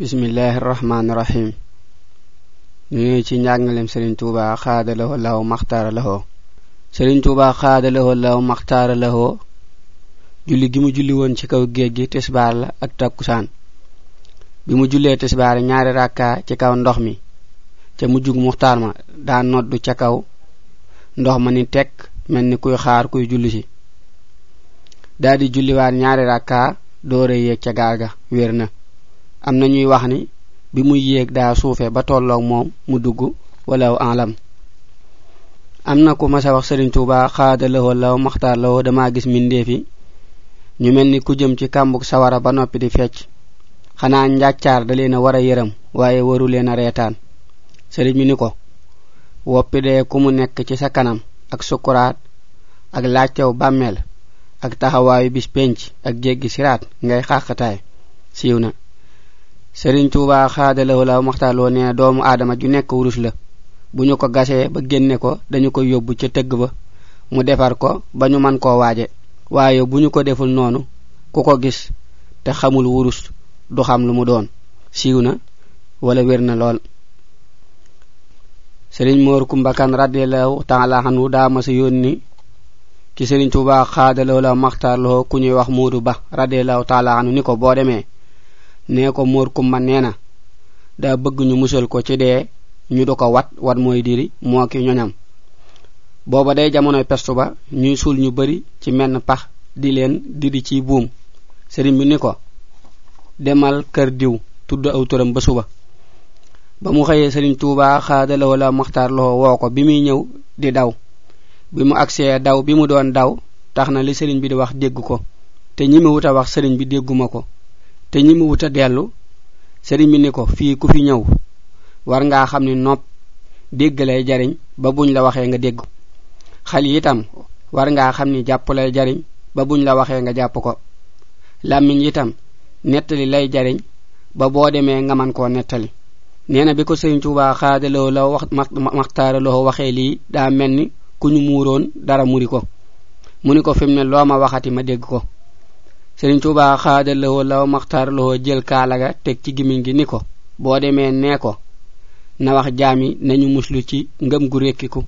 bismillahi irrahmaani irrahim ñu ngi ci njàngalem sëriñ tuuba xaada lawo law maxtaara lawoo sëriñ tuuba xaada lawo law maxtaara lawoo julli gi mu julli woon ci kaw géej gi tisbaar la ak takkusaan bi mu jullee tisbaar ñaari rakka ci kaw ndox mi ca mujjug muxtaar ma daa noddu ca kaw ndox ma ni teg mel ni kuy xaar kuy julli si daldi julliwaat ñaari rakka doore yéeg ca gaar ga wér na am na ñuy wax ni bi muy yéeg daa suufe ba tolloog moom mu dugg walaw alam am na ku masa wax sëriñ tuuba xaada lawo law maxtaar lawo dama gis mbindeef ñu mel ni ku jëm ci kàmbug sawara ba noppi di fecc xanaa njàccaar da leen a war a yërëm waaye waru leen a reetaan sëriñ bi ni ko woppi dee ku mu nekk ci sa kanam ak sukuraat ak laajtew bàmmeel ak taxawaayu bis penc ak jéggi siraat ngay xàqtaay siiw na sëriñ tuuba xaadalawu la maxtaaloo ne doomu adama ju nekk wurus la bu ñu ko gasee ba génne ko dañu ko yóbbu ca tëgg ba mu defar ko ba ñu man ko waje waye bu ñu ko deful noonu ku ko gis te xamul wurus du xam lu mu doon siiw na wala wér na lool sëriñ moor kumbakan radiallahu taala anhu daa ma sa yónni ci sëriñ tuuba xaadalawu la maxtaaloo ku ñuy wax muudu ba radiallahu taala anhu ni ko boo demee ne ko mor kumba nee na da bëgg ñu musal ko ci dee ñu do ko wat wat moy diri mo ki ñoñam boba day jamono pestu ba ñuy sul ñu bari ci menn pax di leen diri ci boom serigne bi ni ko demal kër diw tuddu aw ba suba ba mu xeye serigne touba xaadala wala makhtar lo wo ko bi mi ñew di daw bi mu agsee daw bi mu doon daw taxna li serigne bi di wax ko te ñi mi wuta wax serigne bi dégguma ko te ñi mu wuta dellu sëriñ bi ni ko fii ku fi ñëw war ngaa xam ni nopp dégg lay jariñ ba buñ la waxee nga dégg xel itam war ngaa xam ni jàpp lay jariñ ba buñ la waxee nga jàpp ko làmmiñ itam nettali lay jariñ ba boo demee nga man koo nettali nee na bi ko sëriñ tuuba xaadaloo la wax maxtaaraloo waxee lii daa mel ni ku ñu muuroon dara muri ko mu ni ko fi mu ne loo ma waxati ma dégg ko serigne touba khade lo law makhtar lo jël kalaga tek ci gimin gi niko bo demé né ko na wax jami nañu muslu ci ngam gu rekiku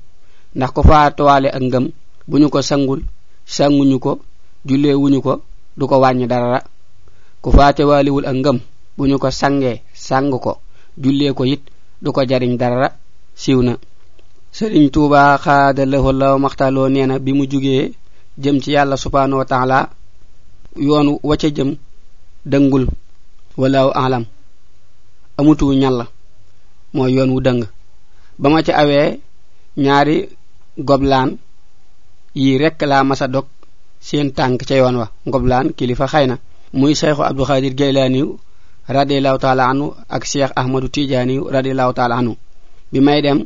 ndax ko fa toalé ak ngam buñu ko sangul sanguñu ko julé wuñu ko du ko wañi dara ku faté waliwul ak ngam buñu ko sangé sang ko julé ko yit du ko jariñ dara siwna serigne touba khade lo law makhtar lo néna bi mu jugé jëm ci yalla subhanahu wa ta'ala yoonu wacce jëm dëngul alam amutu ñalla mooy yoon wu dëng ba ma ca awee ñaari goblaan yi rek laa masa dog seen tànk ca yoon wa goblan kilifa xayna muy cheikhu abdou khadir gaylaaniyu radiallahu taala anu ak cheikh ahmadu tijaaniyu radiallahu taala anu bi may dem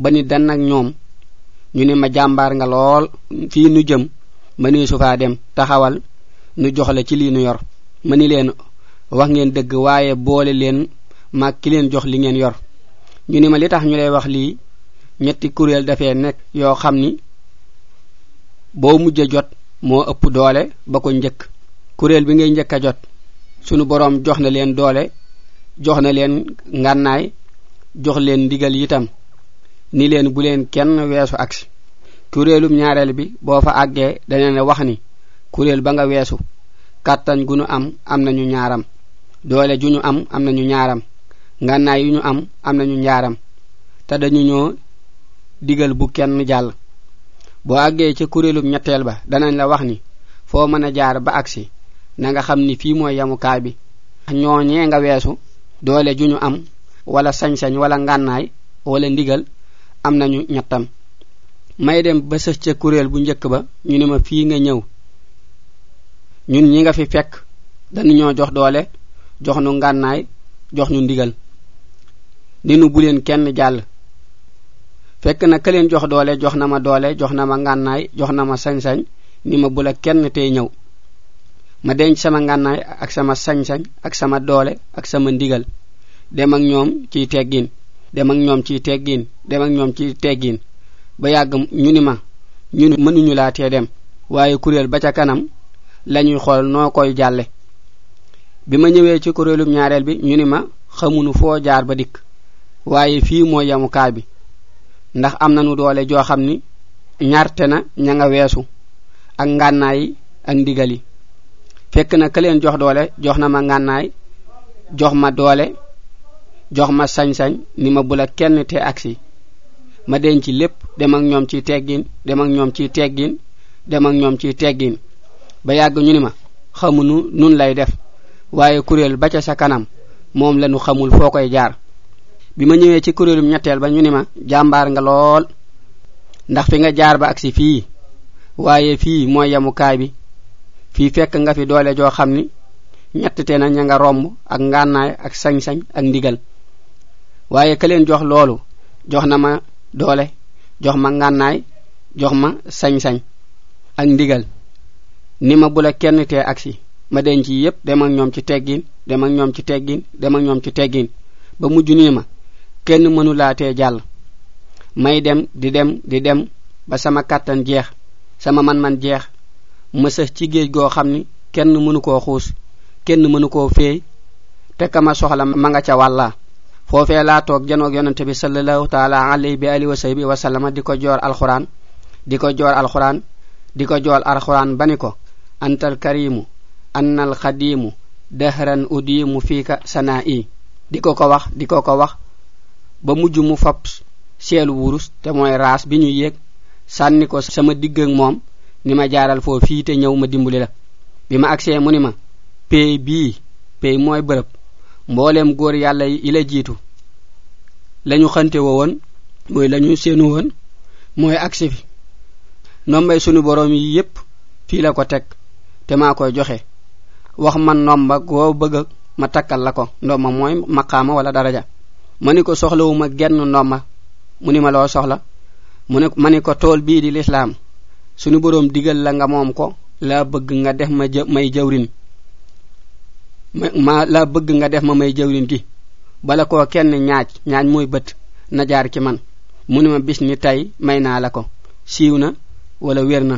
ba ni dan ak ñoom ñu ne ma jàmbaar nga lool fii nu jëm ma ni dem taxawal nu joxale ci li nu yor mani leen wax ngeen dëgg waaye boole leen ma ki leen jox li ngeen yor ñu ni ma li tax ñu lay wax lii ñetti kuréel dafee nekk yoo xam ni boo jot moo ëpp doole ba ko njëkk kuréel bi ngay njëkk a jot sunu borom jox na leen doole jox na leen ngànnaay jox leen ndigal yitam ni leen bu leen kenn weesu aksi kuréelum ñaareel bi boo fa àggee wax ni kurel ba nga wessu katan gu am am ñu ñaaram doole juñu am am ñu ñaaram ngànnaay yu ñu am am ñu ñaaram ta dañu ñoo digal bu kenn jall bo agge ci kuréelub ñettel ba danañ la wax ni fo mëna jaar ba aksi, na nga xamni fi moy yamu yamukaay bi ñooñee nga wessu doole juñu am wala sañ-sañ wala ngannaay wala ndigal am nañu may dem ba sa ci bu ñëk ba ñu ne ma fi nga ñëw ñun ñi nga fi fekk dañu ñoo jox doole jox nu ngànnaay jox ñu ndigal ni nu bu leen kenn jàll fekk na ka leen jox doole jox na ma doole jox na ma ngànnaay jox na ma sañ-sañ ni ma bu la kenn tey ñëw ma denc sama ngànnaay ak sama sañ-sañ ak sama doole ak sama ndigal dem ak ñoom ciy teggin dem ak ñoom ciy teggin dem ak ñoom ciy teggin ba yàgg ñu ni ma ñu ni mënuñu laa tee dem waaye kuréel ba ca kanam lañuy xool noo koy jàlle bi ma ñëwee ci kuréelum ñaareel bi ñu ni ma xamuñu foo jaar ba dikk waaye fii mooy yamukaay bi ndax am nañu doole joo xam ni ñarte na ña nga weesu ak ngànnaay yi ak ndigal fekk na ka leen jox doole jox na ma ngànnaay jox ma doole jox ma sañ-sañ ni ma bu la kenn te agsi ma denc lépp dem ak ñoom ciy teggin dem ak ñoom ciy teggin dem ak ñoom ciy teggin ba yàgg ñu ni ma xamunu nun lay def waaye kuréel ba ca sa kanam moom lanu xamul foo koy jaar bi ma ñëwee ci kuréelum ñetteel ba ñu ni ma jàmbaar nga lool ndax fi nga jaar ba agsi fii waaye fii mooy yamukaay bi fii fekk nga fi doole joo xam ni ñett te na ña nga romb ak ngànnaay ak sañ-sañ ak ndigal waaye ka leen jox loolu jox na ma doole jox ma ngànnaay jox ma sañ-sañ ak ndigal ni ma bula kenn tee agsi ma ci yépp dem ak ñoom ci teggin dem ak ñoom ci teggin dem ak ñoom ci teggin ba mujj nii ma kenn mënu laatee jàll may dem di dem di dem ba sama kàttan jeex sama man-man jeex ma sëx ci géej goo xam ni kenn mënu koo xuus kenn mënu koo feey te kama soxla ma nga ca wàllaa foofee laa toog janoog yonente bi salallahu taala alayhi bi wa di ko joor alxuraan di ko joor alxuraan di ko joor alxuraan ba ni antal karimu annal khadimu dahran udimu fika sana'i diko ko wax diko ko wax ba mujj mu fab seelu wurus te mooy raas bi ko sama digg ak moom ni ma jaaral foo fii te ñëw ma dimbali la bi ma agsee mu ni ma pay bii pay mooy bërëb mbooleem góor yàlla yi yep, jiitu lañu xante wo lañu nombay borom yi la ko te maa koy joxe wax ma ndomba goo bëgg ma takkal la ko ndomba mooy maqaama wala daraja ma ni ko soxlawuma genn ndomba mu ni ma loo soxla mu ne ma ni ko tool bii di lislaam sunu boroom digal la nga moom ko laa bëgg nga def ma may jawrin ma laa bëgg nga def ma may jawrin gi bala koo kenn ñaaj ñaaj mooy bët na jaar ci man mu ni ma bis ni tey may naa la ko siiw na walla wér na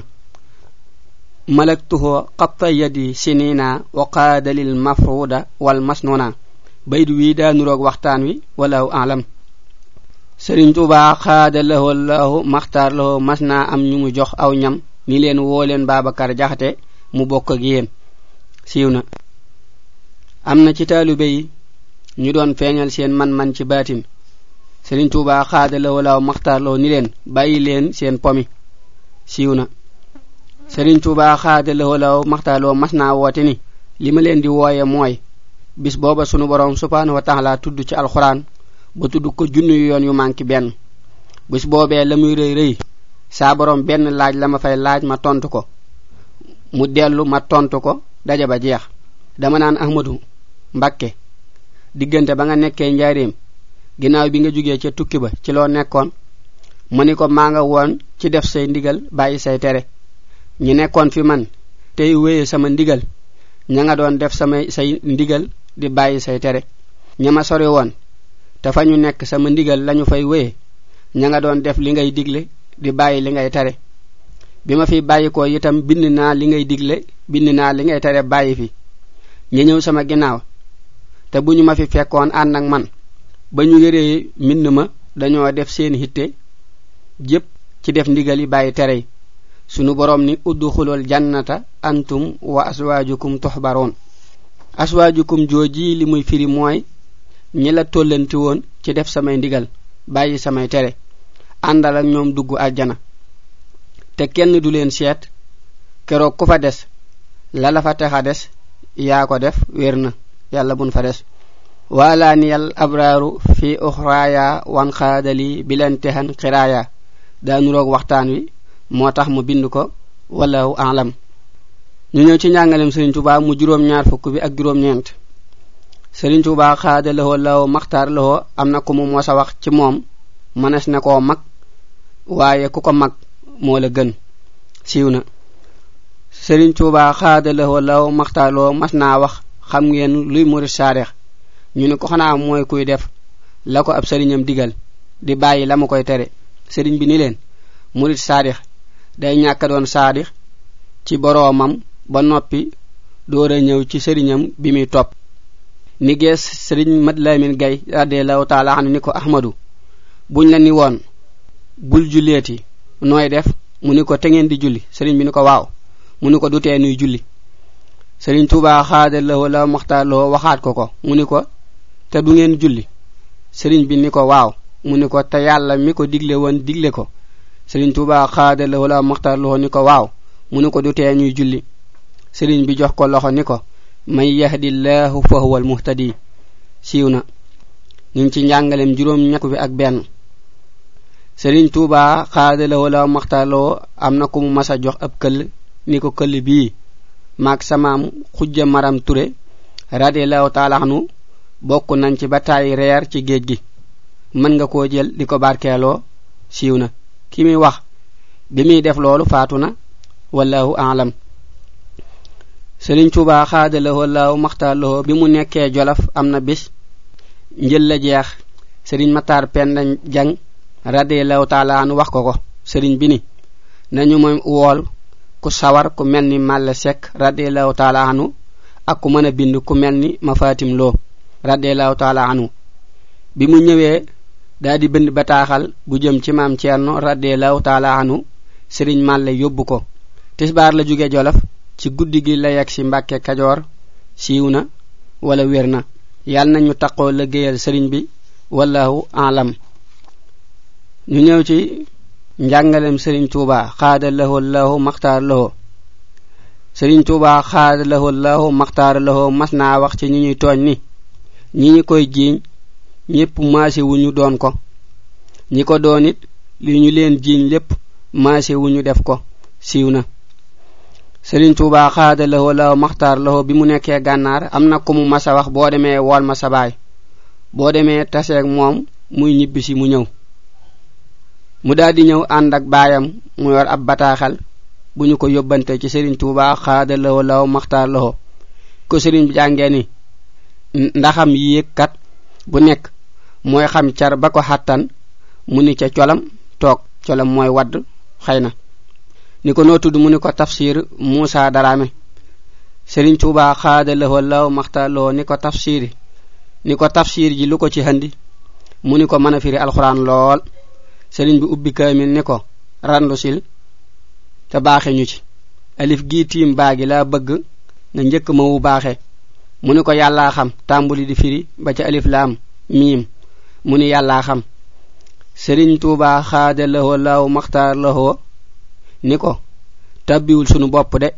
malaktuhu qatta yadi sinina wa qada lil mafruda wal masnuna baydu wi da nu rog waxtan wi wala a'lam serigne touba qada lahu allah makhtar lahu masna am ñu mu jox aw ñam ni len wo len babakar jaxate mu bokk ak yeen siwna amna ci talube yi ñu doon feñal seen man man ci batim serigne touba qada lahu allah makhtar lahu ni len bayi len seen pomi siwna sëriñ Tuubaa xaada lawolaw maxtaaloo mas naa woote ni li ma leen di wooye mooy bis booba sunu borom subhaanahu wa taala tudd ci alxuraan ba tudd ko junni yoon yu manki benn bis boobee la muy rëy rëy saa borom benn laaj la ma fay laaj ma tontu ko mu dellu ma tontu ko daje ba jeex dama naan ahmadu mbakke diggante ba nga nekkee njaareem ginnaaw bi nga jugee ca tukki ba ci loo nekkoon mu ni ko maa nga woon ci def say ndigal bàyyi say tere ñi nekkoon fi man tey wéye sama ndigal ña nga doon def sama say ndigal di bàyyi say tere ña ma sori woon te fa ñu nekk sama ndigal lañu fay wéye ña nga doon def li ngay digle di bàyyi li ngay tere bi ma fi bàyyikoo itam bind naa li ngay digle bind naa li ngay tere bàyyi fi ñi ñëw sama ginnaaw te bu ñu ma fi fekkoon ànd ak man ba ñu yëree mbind ma dañoo def seen hitte jépp ci def ndigal yi bàyyi tere yi sunu borom ni udkhulul jannata antum wa aswajukum tuhbarun aswajukum joji li muy firi moy ñi la tollanti won ci def samay ndigal bayyi samay tere andal ak ñoom duggu aljana te kenn du leen set kero ku fa des la la fa texa des ya ko def werna na bun fa des waalaaniyal abraru fi ukhraya wan xaadali bilantehan xiraaya daa nuroog waxtaan wi moo tax mu bind ko wallahu alam ñu ñëw ci njàngalem sëriñ tuba mu juróom ñaar fukk bi ak juróom ñeent sëriñ tuba xaada lahoo law maxtaar lahoo am na ku mu mosa wax ci moom manes na koo mag waaye ku ko mag moo la gën siiw na sëriñ tuba xaada lahoo law maxtaar lahoo mas naa wax xam ngeen luy murit saareex ñu ne ko xanaa mooy kuy def la ko ab sëriñam digal di bàyyi la ma koy tere sëriñ bi ni leen murit saadix day ñàkk doon saadix ci boroomam ba noppi door a ñëw ci sëriñam bi muy topp ni gees sëriñ mat lamin gay radiallahu taala anu ni ko ahmadu buñ la ni woon bul julleeti nooy def mu ni ko te ngeen di julli sëriñ bi ni ko waaw mu ni ko du tee nuy julli sëriñ tuuba xaada lahu la maxtaar waxat waxaat ko ko mu ni ko te du ngeen julli sëriñ bi ni ko waaw mu ni ko te yàlla mi ko digle woon digle ko serigne touba xaada lahu la muxtaar lahu ni ko waaw mu ko du tey ñuy julli serigne bi jox ko loxo ni ko may yahdi llahu fa huwa almuhtadi siiw na ñu ci njangalem juroom ñak bi ak benn serigne touba xaada lahu la muxtaar lahu am na ku mu massa jox ab keul ni ko keul bi mak samam xujja maram ture radiallahu taala anu bokk nañ ci bataay reer ci geejgi gi nga ko jël diko barkelo siwna na ki muy wax bi muy def loolu faatu na wallahu alam sëriñ Tuubaa xaadalahoo wallahu maxtaalahoo bi mu nekkee jolof am na bis njël la jeex sëriñ Mataar Penda Jang radiallahu taala anu wax ko ko sëriñ bi ni nañu ma wool ku sawar ku mel ni Màlle Sekk radiallahu taala anu ak ku mën a bind ku mel ni Mafatim Loo radiallahu taala anu bi mu ñëwee daal di bind bataaxal bu jëm ci maam Thierno radiyallahu taala anu Serigne Malle yóbbu ko tisbaar la jóge jolof ci guddi gi la yegg si Mbàkke Kajoor siiw na wala wér na yàlla nañu taqoo liggéeyal sëriñ bi wallahu alam ñu ñëw ci njàngalem sëriñ Tuuba xaada lahu lahu maxtaar lahu sëriñ Tuuba xaada lahu lahu maxtaar lahu mas naa wax ci ñi ñuy tooñ ni ñi ñi koy jiiñ ñepp maase wuñu doon ko ñi ko doon it li ñu leen jiñ lépp maase wuñu def ko siiw na sëriñ tuuba xaada lahoo law maxtaar lahoo bi mu nekkee gànnaar am na ku mu masa wax boo demee wool ma sa boo demee ak moom muy si mu ñëw mu daldi ñëw ànd ak baayam mu yor ab bataaxal bu ñu ko yóbbante ci sëriñ tuuba xaada la wala maxtaar la ko sëriñ bi jàngee ni ndaxam yéeg kat bu nekk mooy xam car ba ko xàttan mu ni ca colam toog colam mooy wadd xëy na ni ko noo tudd mu ni ko tafsir muusa daraame sëriñ tuuba xaada lahoo law maxta loo ni ko tafsiri ni ko tafsir ji lu ko ci handi mu ni ko mën a firi alxuraan lool sëriñ bi ubbi kaamil ni ko randu sil te baaxe ñu ci alif gii tiim baagi laa bëgg nga njëkk ma wu baaxe mu ni ko yàllaa xam tàmbuli di firi ba ca alif laam miim mu ni yàllaa xam sëriñ tuuba xaada lahoo laaw maxtaar lahoo ni ko tabbiwul sunu bopp de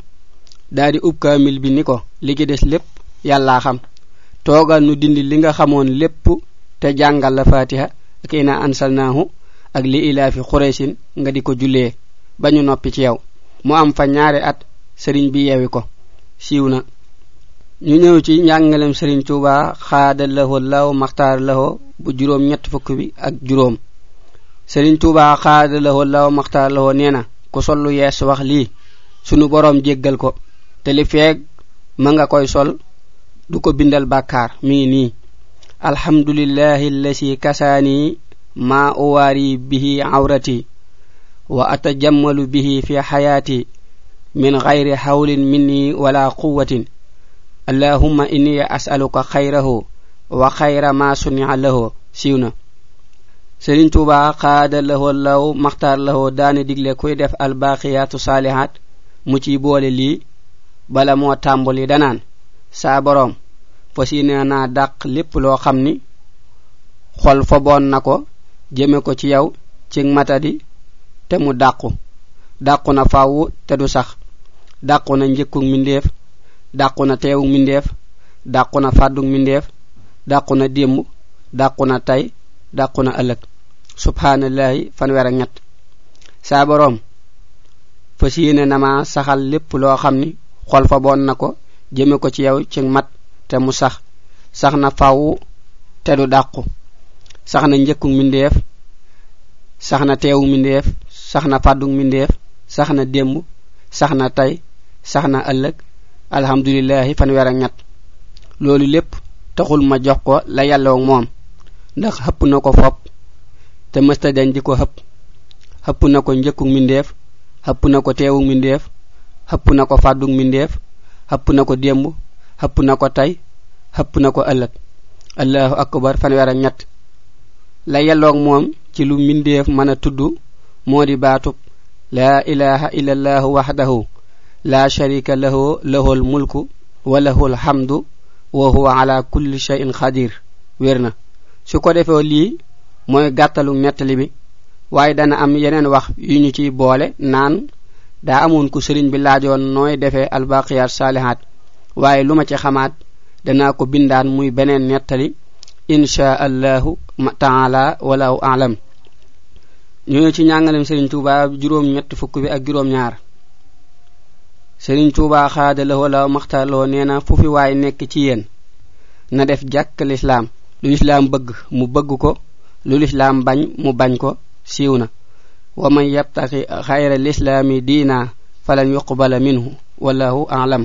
daal di ub kaamil bi ni ko li ci des lépp yàllaa xam toogal nu dindi li nga xamoon lépp te jàngal la fatiha ak ina ansalnaahu ak li fi xuraysin nga di ko jullee ba ñu noppi ci yow mu am fa ñaari at sëriñ bi yewi ko siiw na ñu ñëw ci njàngalem sëriñ tuuba xaada lahoo laaw maxtaar lahoo bu juróom ñett fukk bi ak juróom sëriñ tuuba xaada lahoo law maxtaar lahoo nee na ku sollu lu wax lii sunu boroom jéggal ko te li feeg ma nga koy sol du ko bindal bàkkaar mi ngi nii alhamdulillahi allasi kasaani ma uwaari bihi awrati wa atajammalu bihi fi xayaati min gayri xawlin minni wala quwatin allahumma inni as'aluka xayrahu wa khayra ma sunia lahu siwna na sëriñ tuuba lahu law makhtar lahu dani digle koy def albaaqiyaatu salihat mu ci bolé lii bala mo tambali danan saa borom fas na dak lepp lo loo xam ni xol foboon na ko jeme ko ci yaw ci matadi te mu dakku dakku na faawu te du sax dakku na njëkkug mindeef dakku na teewug mindeef dakku na fàddug mindeef daquna dem daquna tay daquna tey subhanallahi fanweer ak ñatt sa borom fasiyene nama saxal lepp lo xamni xol fa bon nako. ko jëme ko ci yaw ci mat te mu sax saxna faawu te du daqku saxna ñeeku mindeef saxna teewu mindeef saxna faddu mindeef saxna sax saxna tay saxna alhamdullilah fan alhamdulillahi fanweer ak ñett loolu taxul ma jox ko la yàlla moom ndax xëpp na ko fopp te mësta den di ko hëpp hëpp na ko njëkkug mindeef hëpp na ko teewug mindeef hëpp na ko fàddug mindeef hëpp na ko démb hëpp na ko tey hëpp na ko ëllëg allahu akbar fanweer ak ñett la yelloog moom ci lu mindeef mën a tudd moo di baatub laa ilaha illa allahu waxdahu laa sharika lahu lahul mulku wa lahul xamdu wa huwa ala kulli shay'in khadir werna su ko defee lii mooy gatalu nettali bi waaye dana am yeneen wax yu ñu ci boole naan daa amon ku serign bi lajoon noy defé al baqiyat waaye lu ma ci xamaat dana ko bindaan muy beneen nettali insha allahu taala wala alam ñu ci ñàngalem sëriñ touba juroom ñett fukk bi ak juroom ñaar sëriñ tuuba xaada la wala maxtaloo nee na fu fi waay nekk ci yéen na def jàkk lislaam lu lislaam bëgg mu bëgg ko lu lislaam bañ mu bañ ko siiw na wa man yabtaqi xayra lislaami diina falan yuqbala minhu wallahu a'lam